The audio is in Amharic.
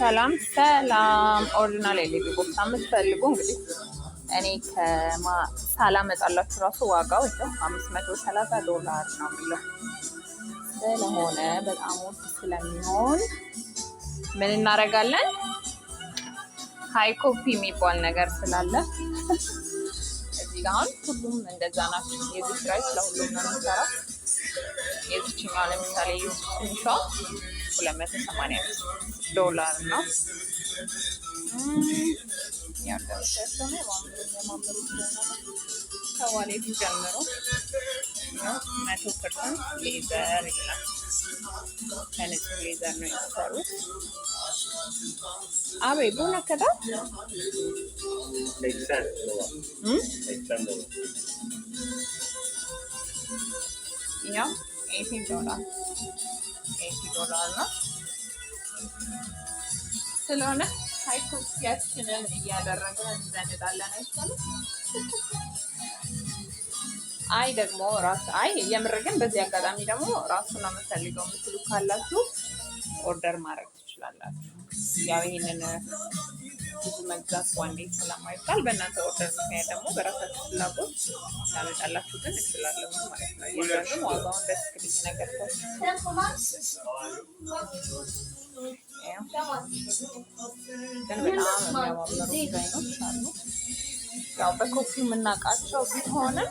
ሰላም ሰላም። ኦሪጂናል ኤልቢ ቦክሳ የምትፈልጉ እንግዲህ እኔ መጣላችሁ ራሱ ዋጋው ይኸው አምስት መቶ ሰላሳ ዶላር ነው የሚለው ስለሆነ በጣም ውድ ስለሚሆን ምን እናደርጋለን? ሀይ ኮፒ የሚባል ነገር ስላለ እዚህ ጋር አሁን ሁሉም እንደዛ ናቸው። የዚህ ስራይ ለሁሉም ነው የሚሰራው ይችኛዋ ለምሳሌ ትንሿ ሁለት መቶ ሰማንያ ዶላር ነው። ከዋሌት ጀምሮ መቶ ፐርሰንት ሌዘር ይላል። ከንጹህ ሌዘር ነው የተሰሩት። አቤ ቡና ከታ ያው eighty dollar eighty dollar ስለሆነ ሳይኮፒያችንን እያደረግን እንዘንዳለን አይቻልም። አይ ደግሞ ራሱ አይ የምር ግን በዚህ አጋጣሚ ደግሞ ራሱን ነው የምፈልገው የምትሉ ካላችሁ ኦርደር ማድረግ ትችላላችሁ። ያው ይህንን ብዙ መግዛት ዋንዴ ስለማይባል በእናንተ ኦርደር ምክንያት ደግሞ በራሳችሁ ፍላጎት ላመጣላችሁትን እችላለሁ ማለት ነው። ይህም ዋጋውን በትክክል ነገር ግን በጣም የሚያማምሩ ዲዛይኖች አሉ። ያው በኮፒ የምናውቃቸው ቢሆንም